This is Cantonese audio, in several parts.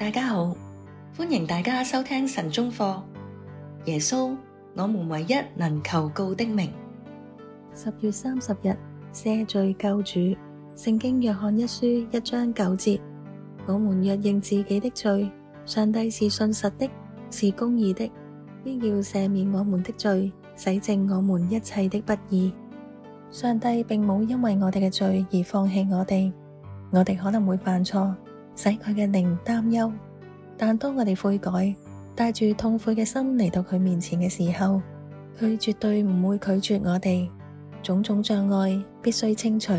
大家好，歡迎大家收聽晨鐘課，耶穌，我們唯一能求告的名。十月三十日，赦罪救主。聖經約翰一書一章九節：我們若認自己的罪，上帝是信實的，是公義的，必要赦免我們的罪，洗淨我們一切的不義。上帝並冇因為我哋嘅罪而放棄我哋，我哋可能會犯錯，使佢嘅靈擔憂，但當我哋悔改，帶住痛悔嘅心嚟到佢面前嘅時候，佢絕對唔會拒絕我哋。種種障礙必須清除，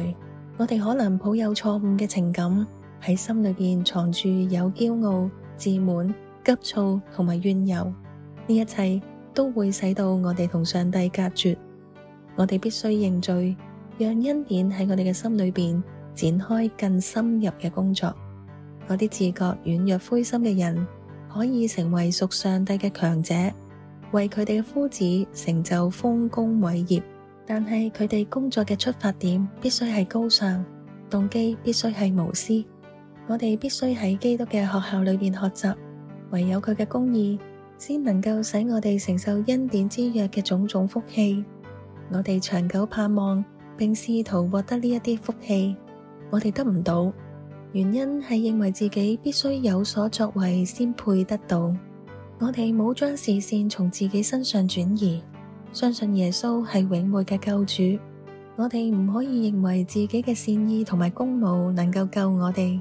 我哋可能抱有錯誤嘅情感喺心裏邊藏住，有驕傲、自滿、急躁同埋怨尤，呢一切都會使到我哋同上帝隔絕。我哋必須認罪，讓恩典喺我哋嘅心裏邊展開更深入嘅工作。嗰啲自覺軟弱灰心嘅人，可以成為屬上帝嘅強者，為佢哋嘅夫子成就豐功偉業。但係佢哋工作嘅出發點必須係高尚，動機必須係無私。我哋必須喺基督嘅學校裏邊學習，唯有佢嘅公義，先能夠使我哋承受恩典之約嘅種種福氣。我哋長久盼望並試圖獲得呢一啲福氣，我哋得唔到。原因係認為自己必須有所作為先配得到。我哋冇將視線從自己身上轉移，相信耶穌係永活嘅救主。我哋唔可以認為自己嘅善意同埋功勞能夠救我哋。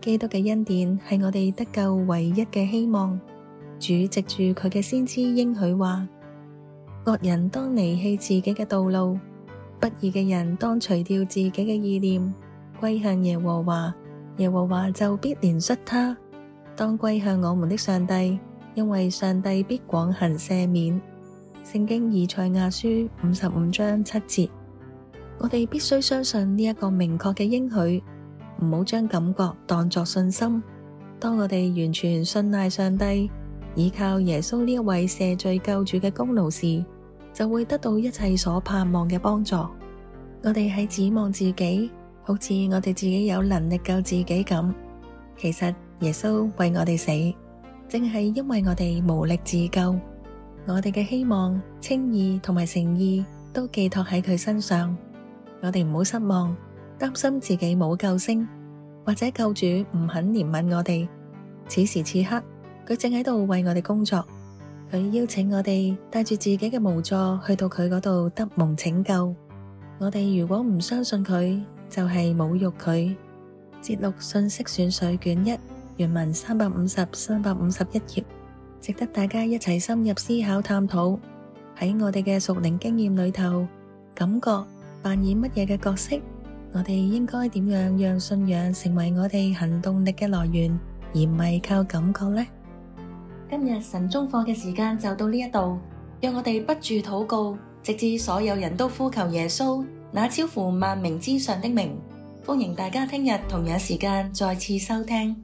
基督嘅恩典係我哋得救唯一嘅希望。主藉住佢嘅先知應許話：惡人當離棄自己嘅道路，不義嘅人當除掉自己嘅意念，歸向耶和華。耶和華就必憐恤他，當歸向我們的上帝，因為上帝必廣行赦免。聖經以賽亞書五十五章七節。我哋必須相信呢一個明確嘅應許，唔好將感覺當作信心。當我哋完全信賴上帝，依靠耶穌呢一位赦罪救主嘅功勞時，就會得到一切所盼望嘅幫助。我哋喺指望自己。好似我哋自己有能力救自己咁，其實耶穌為我哋死，正係因為我哋無力自救，我哋嘅希望、清意同埋誠意都寄託喺佢身上。我哋唔好失望，擔心自己冇救星，或者救主唔肯憐憫我哋。此時此刻，佢正喺度為我哋工作。佢邀請我哋帶住自己嘅無助去到佢嗰度得蒙拯救。我哋如果唔相信佢，就係侮辱佢。節錄《信息選粹卷一》原文三百五十、三百五十一頁，值得大家一齊深入思考探討。喺我哋嘅屬靈經驗裏頭，感覺扮演乜嘢嘅角色？我哋應該點樣讓信仰成為我哋行動力嘅來源，而唔係靠感覺呢？今日神中課嘅時間就到呢一度，讓我哋不住禱告，直至所有人都呼求耶穌那超乎萬名之上的名，歡迎大家聽日同樣時間再次收聽。